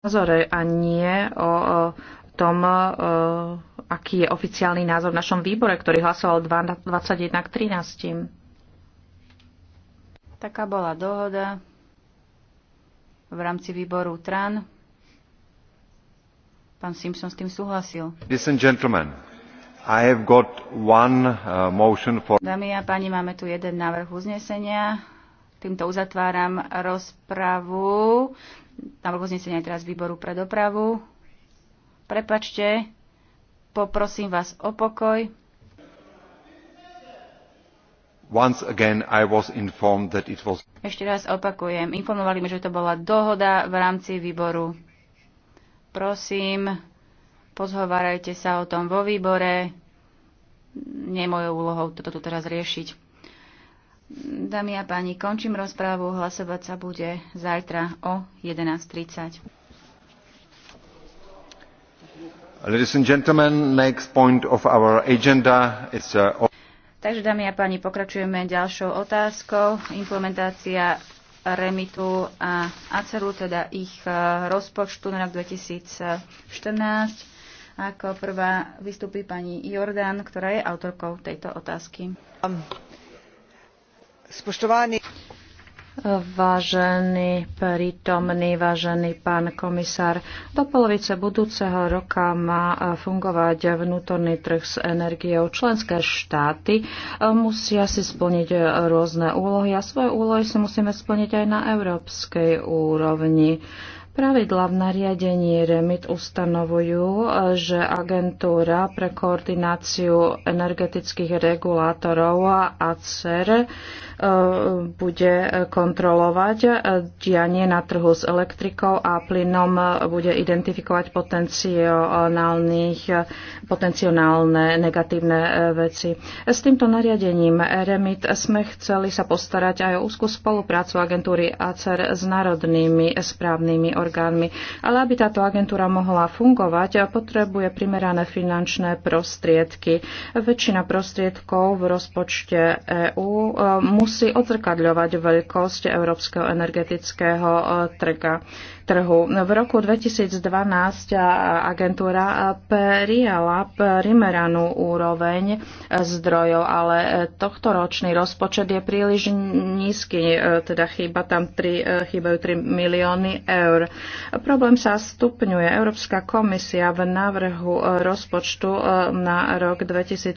názore a nie o tom, aký je oficiálny názor v našom výbore, ktorý hlasoval 21 k 13. Taká bola dohoda v rámci výboru TRAN. Pán Simpson s tým súhlasil. Uh, Dámy a páni, máme tu jeden návrh uznesenia. Týmto uzatváram rozpravu návrh uznesenia teraz výboru pre dopravu. Prepačte, poprosím vás o pokoj. Once again I was informed that it was... Ešte raz opakujem, informovali mi, že to bola dohoda v rámci výboru. Prosím, pozhovárajte sa o tom vo výbore. Nie je mojou úlohou toto tu teraz riešiť. Dámy a páni, končím rozprávu. Hlasovať sa bude zajtra o 11.30. Ladies and gentlemen, next point of our agenda is... Uh... Takže, dámy a páni, pokračujeme ďalšou otázkou. Implementácia remitu a ACERu, teda ich uh, rozpočtu na rok 2014. Ako prvá vystupí pani Jordan, ktorá je autorkou tejto otázky. Um. Spoštovani. Vážený prítomný, vážený pán komisár, do polovice budúceho roka má fungovať vnútorný trh s energiou. Členské štáty e, musia si splniť rôzne úlohy a svoje úlohy si musíme splniť aj na európskej úrovni. Pravidla v nariadení REMIT ustanovujú, že agentúra pre koordináciu energetických regulátorov a ACER e, bude kontrolovať dianie na trhu s elektrikou a plynom bude identifikovať potenciálne negatívne e, veci. S týmto nariadením REMIT sme chceli sa postarať aj o úzkú spoluprácu agentúry ACER s národnými správnymi organizáciami orgánmi. Ale aby táto agentúra mohla fungovať, potrebuje primerané finančné prostriedky. Väčšina prostriedkov v rozpočte EÚ e, musí odzrkadľovať veľkosť európskeho energetického e, trga trhu. V roku 2012 e, agentúra prijala primeranú úroveň zdrojov, ale tohto ročný rozpočet je príliš nízky, teda chýba tam 3, chýbajú 3 milióny eur. Problém sa stupňuje. Európska komisia v návrhu e, rozpočtu e, na rok 2014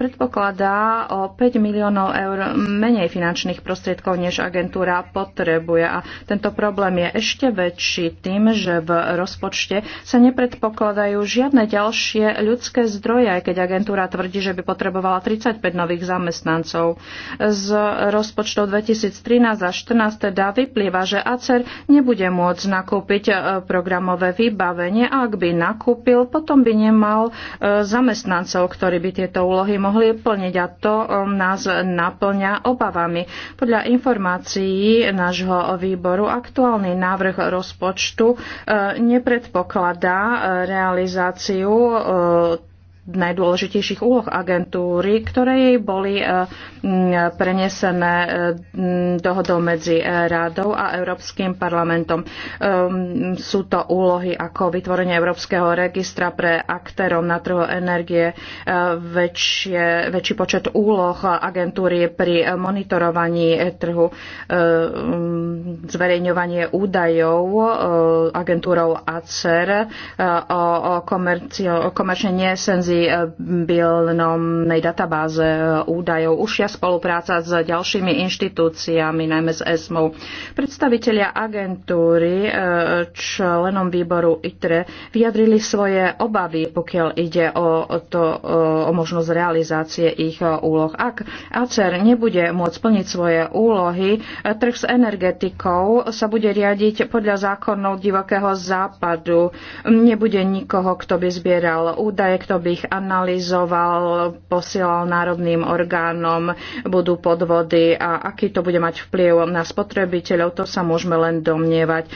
predpokladá o 5 miliónov eur menej finančných prostriedkov, než agentúra potrebuje. A tento problém je ešte väčší tým, že v rozpočte sa nepredpokladajú žiadne ďalšie ľudské zdroje, aj keď agentúra tvrdí, že by potrebovala 35 nových zamestnancov. Z rozpočtov 2013 a 2014 teda vyplýva, že ACER nebude môcť môcť nakúpiť e, programové vybavenie a ak by nakúpil, potom by nemal e, zamestnancov, ktorí by tieto úlohy mohli plniť a to e, nás naplňa obavami. Podľa informácií nášho výboru aktuálny návrh rozpočtu nepredpokladá realizáciu najdôležitejších úloh agentúry, ktoré jej boli e, prenesené e, dohodou medzi e, Rádou a Európskym parlamentom. Sú to úlohy ako vytvorenie Európskeho registra pre aktérov na trhu energie, väčšie, väčší počet úloh agentúry pri monitorovaní trhu, zverejňovanie údajov agentúrou ACER o, o, komerčne nesenzí Eh, bilnomnej databáze eh, údajov, užšia spolupráca s ďalšími inštitúciami, najmä s ESMO. Predstavitelia agentúry eh, členom výboru ITRE vyjadrili svoje obavy, pokiaľ ide o, to, o možnosť realizácie ich úloh. Ak ACER nebude môcť plniť svoje úlohy, trh s energetikou sa bude riadiť podľa zákonov divokého západu. Nebude nikoho, kto by zbieral údaje, kto by ich analyzoval, posielal národným orgánom, budú podvody a aký to bude mať vplyv na spotrebiteľov, to sa môžeme len domnievať. E,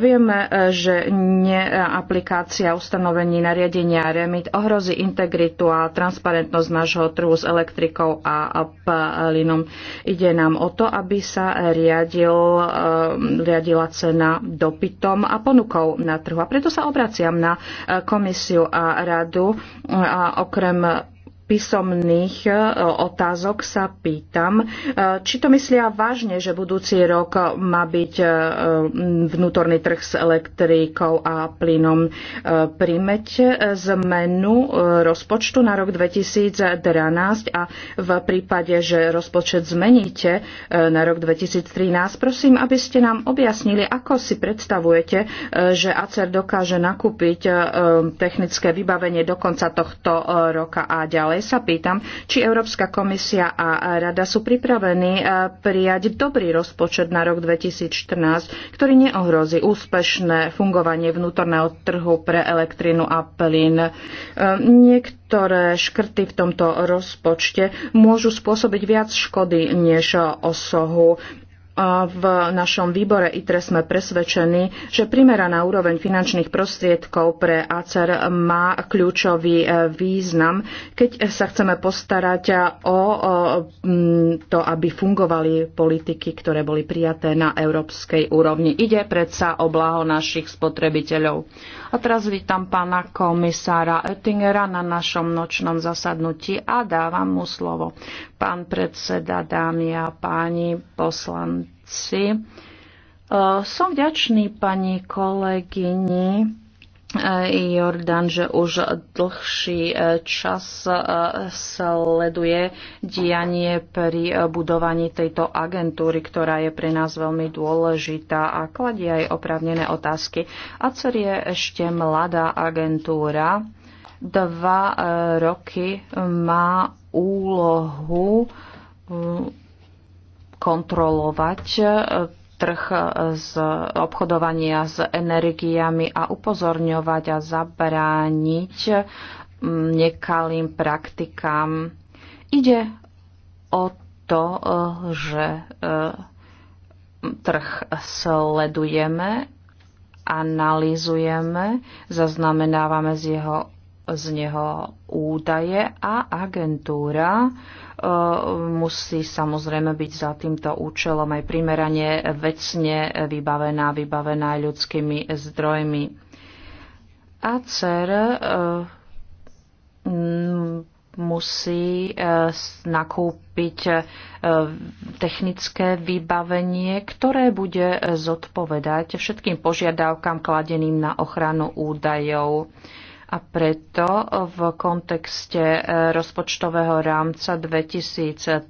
vieme, e, že neaplikácia ustanovení nariadenia REMIT ohrozí integritu a transparentnosť nášho trhu s elektrikou a plynom. Ide nám o to, aby sa riadil, e, riadila cena dopytom a ponukou na trhu. A preto sa obraciam na komisiu a radu, a okrem písomných e, otázok sa pýtam, e, či to myslia vážne, že budúci rok má byť e, vnútorný trh s elektríkou a plynom. Príjmete zmenu rozpočtu na rok 2012 a v prípade, že rozpočet zmeníte na rok 2013, prosím, aby ste nám objasnili, ako si predstavujete, že ACER dokáže nakúpiť technické vybavenie do konca tohto roka a ďalej Ďalej sa pýtam, či Európska komisia a Rada sú pripravení eh, prijať dobrý rozpočet na rok 2014, ktorý neohrozí úspešné fungovanie vnútorného trhu pre elektrínu a plyn. Eh, niektoré škrty v tomto rozpočte môžu spôsobiť viac škody než eh, osohu. A v našom výbore ITRE sme presvedčení, že primeraná úroveň finančných prostriedkov pre ACER má kľúčový e, význam, keď sa chceme postarať o to, aby fungovali politiky, ktoré boli prijaté na európskej úrovni. Ide predsa o blaho našich spotrebiteľov. A teraz vítam pána komisára Oettingera na našom nočnom zasadnutí a dávam mu slovo. Pán predseda, dámy a páni poslanci, veci. E, som vďačný pani kolegyni e, Jordan, že už dlhší e, čas sleduje dianie pri budovaní tejto agentúry, ktorá je pre nás veľmi dôležitá a kladie aj opravnené otázky. A co je ešte mladá agentúra. Dva roky má úlohu kontrolovať e, trh e, z obchodovania s energiami a upozorňovať a zabrániť e, nekalým praktikám. Ide o to, že trh sledujeme, analizujeme, zaznamenávame z jeho z neho údaje a agentúra e, musí samozrejme byť za týmto účelom aj primerane vecne vybavená, vybavená ľudskými zdrojmi. A dcer e, musí e, nakúpiť technické vybavenie, ktoré bude zodpovedať všetkým požiadavkám kladeným na ochranu údajov. A preto v kontexte e, rozpočtového rámca 2013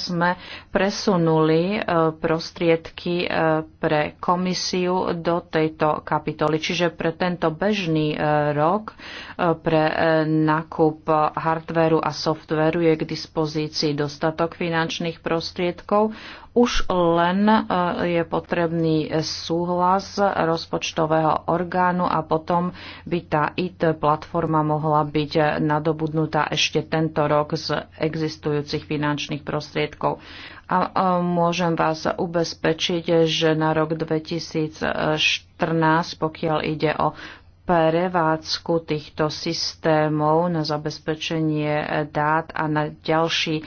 sme presunuli e, prostriedky e, pre komisiu do tejto kapitoly. Čiže pre tento bežný rok pre nakup hardvéru a softvéru je k dispozícii dostatok finančných prostriedkov už len e, je potrebný súhlas rozpočtového orgánu a potom by tá IT platforma mohla byť nadobudnutá ešte tento rok z existujúcich finančných prostriedkov. A e, môžem vás ubezpečiť, že na rok 2014, pokiaľ ide o prevádzku týchto systémov na zabezpečenie dát a na ďalší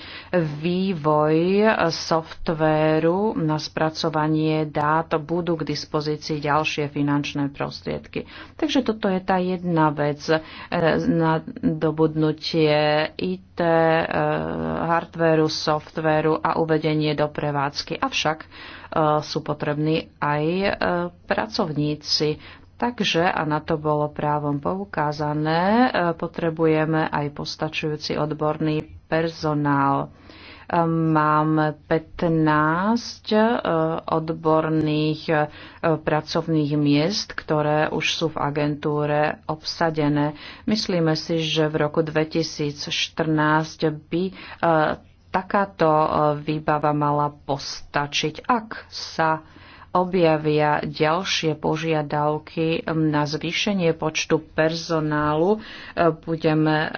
vývoj softvéru na spracovanie dát budú k dispozícii ďalšie finančné prostriedky. Takže toto je tá jedna vec e, na dobudnutie IT, e, hardvéru, softvéru a uvedenie do prevádzky. Avšak e, sú potrební aj pracovníci. Takže, a na to bolo právom poukázané, e, potrebujeme aj postačujúci odborný personál. E, mám 15 e, odborných pracovných miest, ktoré už sú v agentúre obsadené. Myslíme si, že v roku 2014 by takáto výbava mala postačiť, ak sa objavia ďalšie požiadavky na zvýšenie počtu personálu. Budeme e,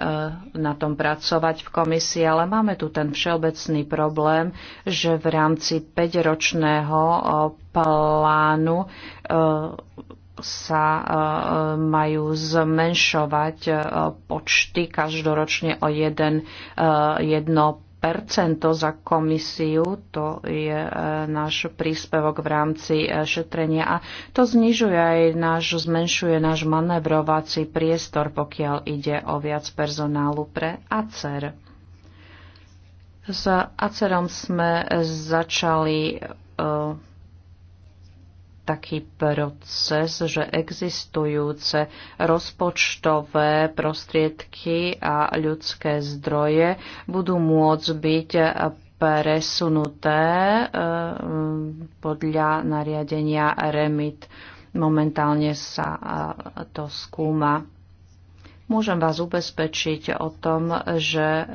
na tom pracovať v komisii, ale máme tu ten všeobecný problém, že v rámci 5-ročného e, plánu e, sa majú zmenšovať počty každoročne o jeden, jedno percento za komisiu, to je e, náš príspevok v rámci e, šetrenia a to znižuje aj náš, zmenšuje náš manevrovací priestor, pokiaľ ide o viac personálu pre ACER. S ACERom sme e, začali taký proces, že existujúce rozpočtové prostriedky a ľudské zdroje budú môcť byť presunuté eh, podľa nariadenia REMIT. Momentálne sa eh, to skúma. Môžem vás ubezpečiť o tom, že eh,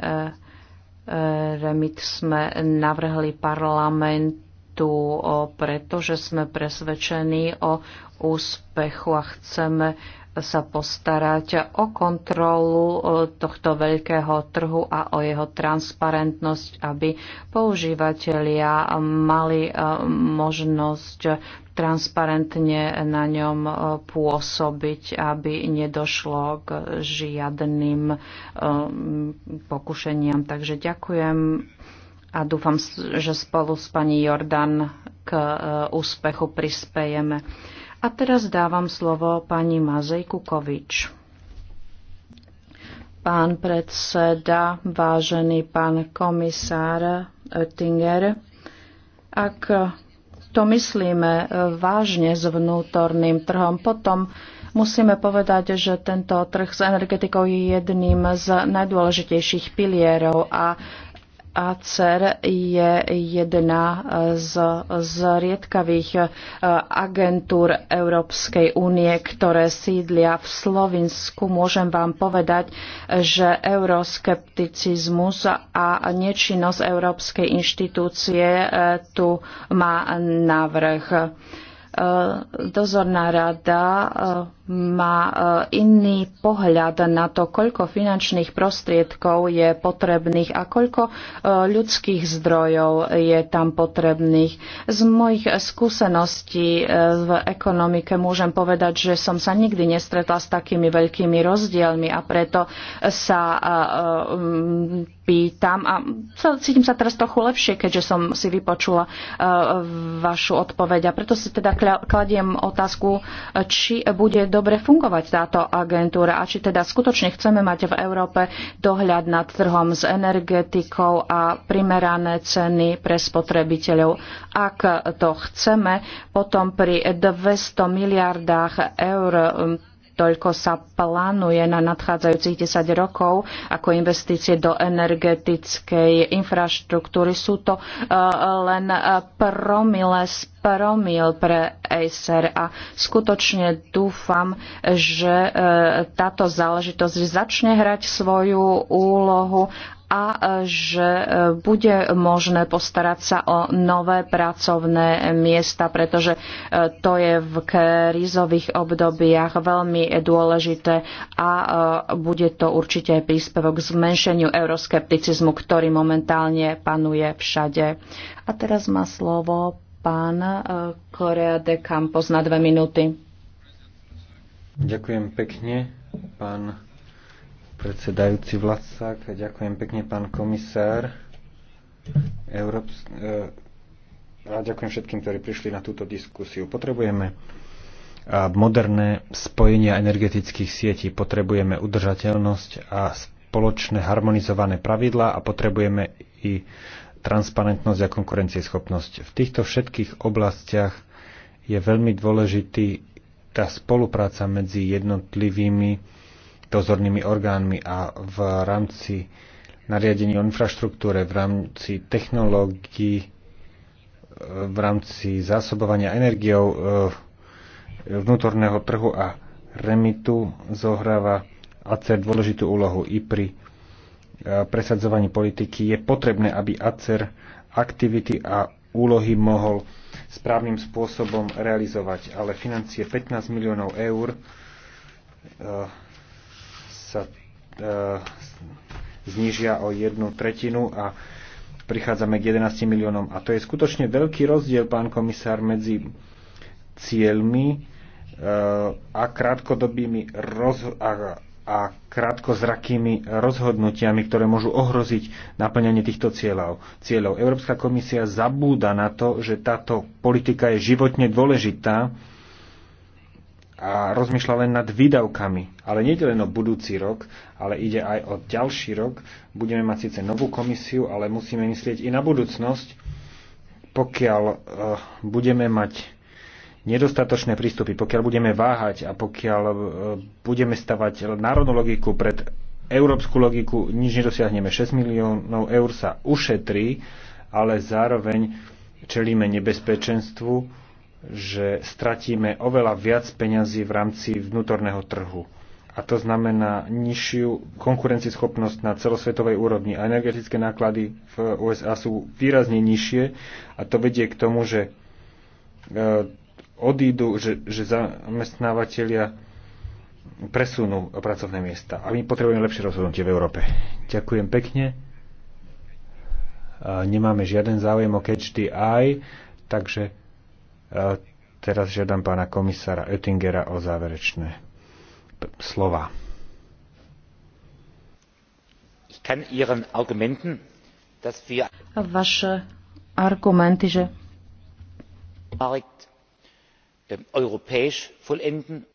REMIT sme navrhli parlament auditu, pretože sme presvedčení o úspechu a chceme sa postarať o kontrolu tohto veľkého trhu a o jeho transparentnosť, aby používateľia mali možnosť transparentne na ňom pôsobiť, aby nedošlo k žiadnym pokušeniam. Takže ďakujem a dúfam, že spolu s pani Jordan k e, úspechu prispejeme. A teraz dávam slovo pani Mazej Kukovič. Pán predseda, vážený pán komisár Oettinger, ak to myslíme vážne s vnútorným trhom, potom musíme povedať, že tento trh s energetikou je jedným z najdôležitejších pilierov a ACER je jedna z riedkavých eh, agentúr Európskej únie, ktoré sídlia v Slovinsku. Môžem vám povedať, že euroskepticizmus a nečinnosť Európskej inštitúcie eh, tu má navrh. Eh, dozorná rada má e, iný pohľad na to, koľko finančných prostriedkov je potrebných a koľko e, ľudských zdrojov je tam potrebných. Z mojich skúseností e, v ekonomike môžem povedať, že som sa nikdy nestretla s takými veľkými rozdielmi a preto sa pýtam a cítim sa teraz trochu lepšie, keďže som si vypočula vašu odpoveď a preto si teda kladiem otázku, či bude do dobre fungovať táto agentúra a či teda skutočne chceme mať v Európe dohľad nad trhom s energetikou a primerané ceny pre spotrebiteľov. Ak to chceme, potom pri 200 miliardách eur toľko sa plánuje na nadchádzajúcich 10 rokov ako investície do energetickej infraštruktúry. Sú to e, len e, promile z promil pre Acer a skutočne dúfam, že e, táto záležitosť začne hrať svoju úlohu a e, že e, bude možné postarať sa o nové pracovné miesta, pretože e, to je v krízových obdobiach veľmi dôležité a bude to určite aj príspevok k zmenšeniu euroskepticizmu, ktorý momentálne panuje všade. A teraz má slovo pán Korea de Campos na dve minúty. Ďakujem pekne, pán predsedajúci Vlasák. Ďakujem pekne, pán komisár. Európs- e, a ďakujem všetkým, ktorí prišli na túto diskusiu. Potrebujeme e, moderné spojenia energetických sietí, potrebujeme udržateľnosť a spoločné harmonizované pravidlá a potrebujeme i transparentnosť a konkurencieschopnosť. V týchto všetkých oblastiach je veľmi dôležitý tá spolupráca medzi jednotlivými dozornými orgánmi a v rámci nariadení o infraštruktúre, v rámci technológií, e, v rámci zásobovania energiou e, vnútorného trhu a remitu zohráva ACER dôležitú úlohu i pri e, presadzovaní politiky. Je potrebné, aby ACER aktivity a úlohy mohol správnym spôsobom realizovať, ale financie 15 miliónov eur sa e, znižia o jednu tretinu a prichádzame k 11 miliónom. A to je skutočne veľký rozdiel, pán komisár, medzi cieľmi e, a krátkodobými roz, a, a krátkozrakými rozhodnutiami, ktoré môžu ohroziť naplňanie týchto cieľov. cieľov. Európska komisia zabúda na to, že táto politika je životne dôležitá a rozmýšľa len nad výdavkami. Ale nie len o budúci rok, ale ide aj o ďalší rok. Budeme mať síce novú komisiu, ale musíme myslieť i na budúcnosť. Pokiaľ uh, budeme mať nedostatočné prístupy, pokiaľ budeme váhať a pokiaľ uh, budeme stavať národnú logiku pred európsku logiku, nič nedosiahneme. 6 miliónov eur sa ušetrí, ale zároveň čelíme nebezpečenstvu, že stratíme oveľa viac peňazí v rámci vnútorného trhu. A to znamená nižšiu konkurencieschopnosť na celosvetovej úrovni. A energetické náklady v USA sú výrazne nižšie a to vedie k tomu, že e, odídu, že, že zamestnávateľia presunú pracovné miesta. A my potrebujeme lepšie rozhodnutie v Európe. Ďakujem pekne. Nemáme žiaden záujem o catch the eye, takže Teraz žiadam pána komisára Oettingera o záverečné slova. Vaše argumenty, že ähm,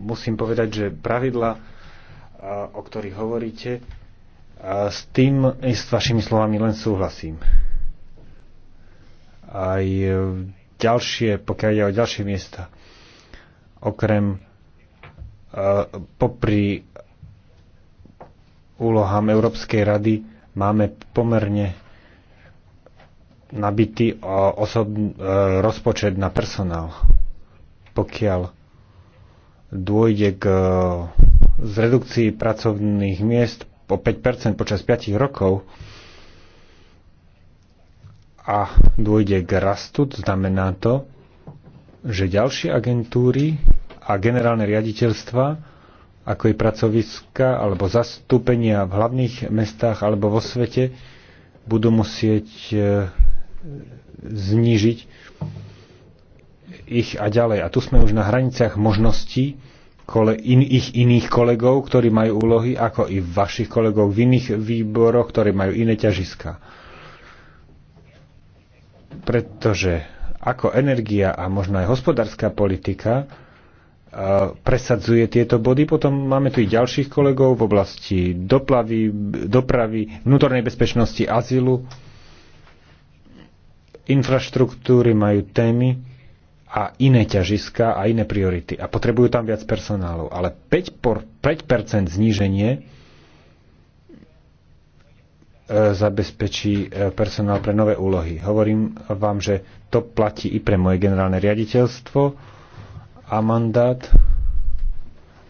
Musím povedať, že pravidla, o ktorých hovoríte, s tým, s vašimi slovami len súhlasím. Aj ďalšie, pokiaľ ide o ďalšie miesta. Okrem e, popri úlohám Európskej rady máme pomerne nabitý e, osob, e, rozpočet na personál. Pokiaľ dôjde k zredukcii pracovných miest o 5% počas 5 rokov, a dôjde k rastu, to znamená to, že ďalšie agentúry a generálne riaditeľstva, ako je pracoviska alebo zastúpenia v hlavných mestách alebo vo svete, budú musieť e, znížiť ich a ďalej. A tu sme už na hraniciach možností kole, in, ich iných kolegov, ktorí majú úlohy, ako i vašich kolegov v iných výboroch, ktorí majú iné ťažiska pretože ako energia a možno aj hospodárska politika presadzuje tieto body. Potom máme tu i ďalších kolegov v oblasti doplavy, dopravy, vnútornej bezpečnosti, azylu. Infraštruktúry majú témy a iné ťažiska a iné priority a potrebujú tam viac personálov. Ale 5%, 5 zníženie E, zabezpečí e, personál pre nové úlohy. Hovorím vám, že to platí i pre moje generálne riaditeľstvo a mandát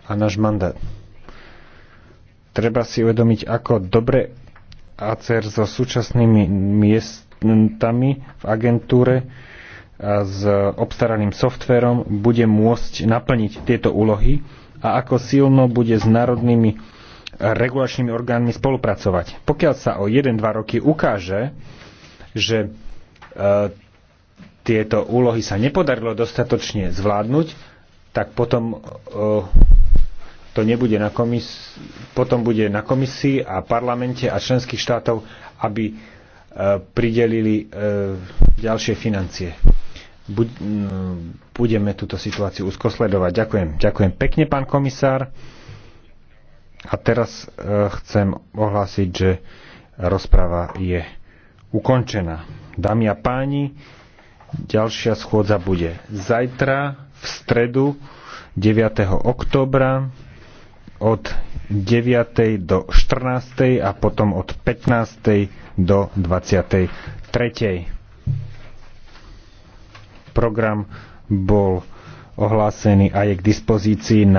a náš mandát. Treba si uvedomiť, ako dobre ACER so súčasnými miestami v agentúre a s obstaraným softverom bude môcť naplniť tieto úlohy a ako silno bude s národnými regulačnými orgánmi spolupracovať. Pokiaľ sa o 1-2 roky ukáže, že e, tieto úlohy sa nepodarilo dostatočne zvládnuť, tak potom e, to nebude na komis- potom bude na komisii a parlamente a členských štátov, aby e, pridelili ďalšie financie. Budeme túto situáciu úzko sledovať. Ďakujem. Ďakujem pekne, pán komisár. A teraz e, chcem ohlásiť, že rozprava je ukončená. Dámy a páni, ďalšia schôdza bude zajtra v stredu 9. oktobra od 9. do 14. a potom od 15. do 23. Program bol ohlásený a je k dispozícii na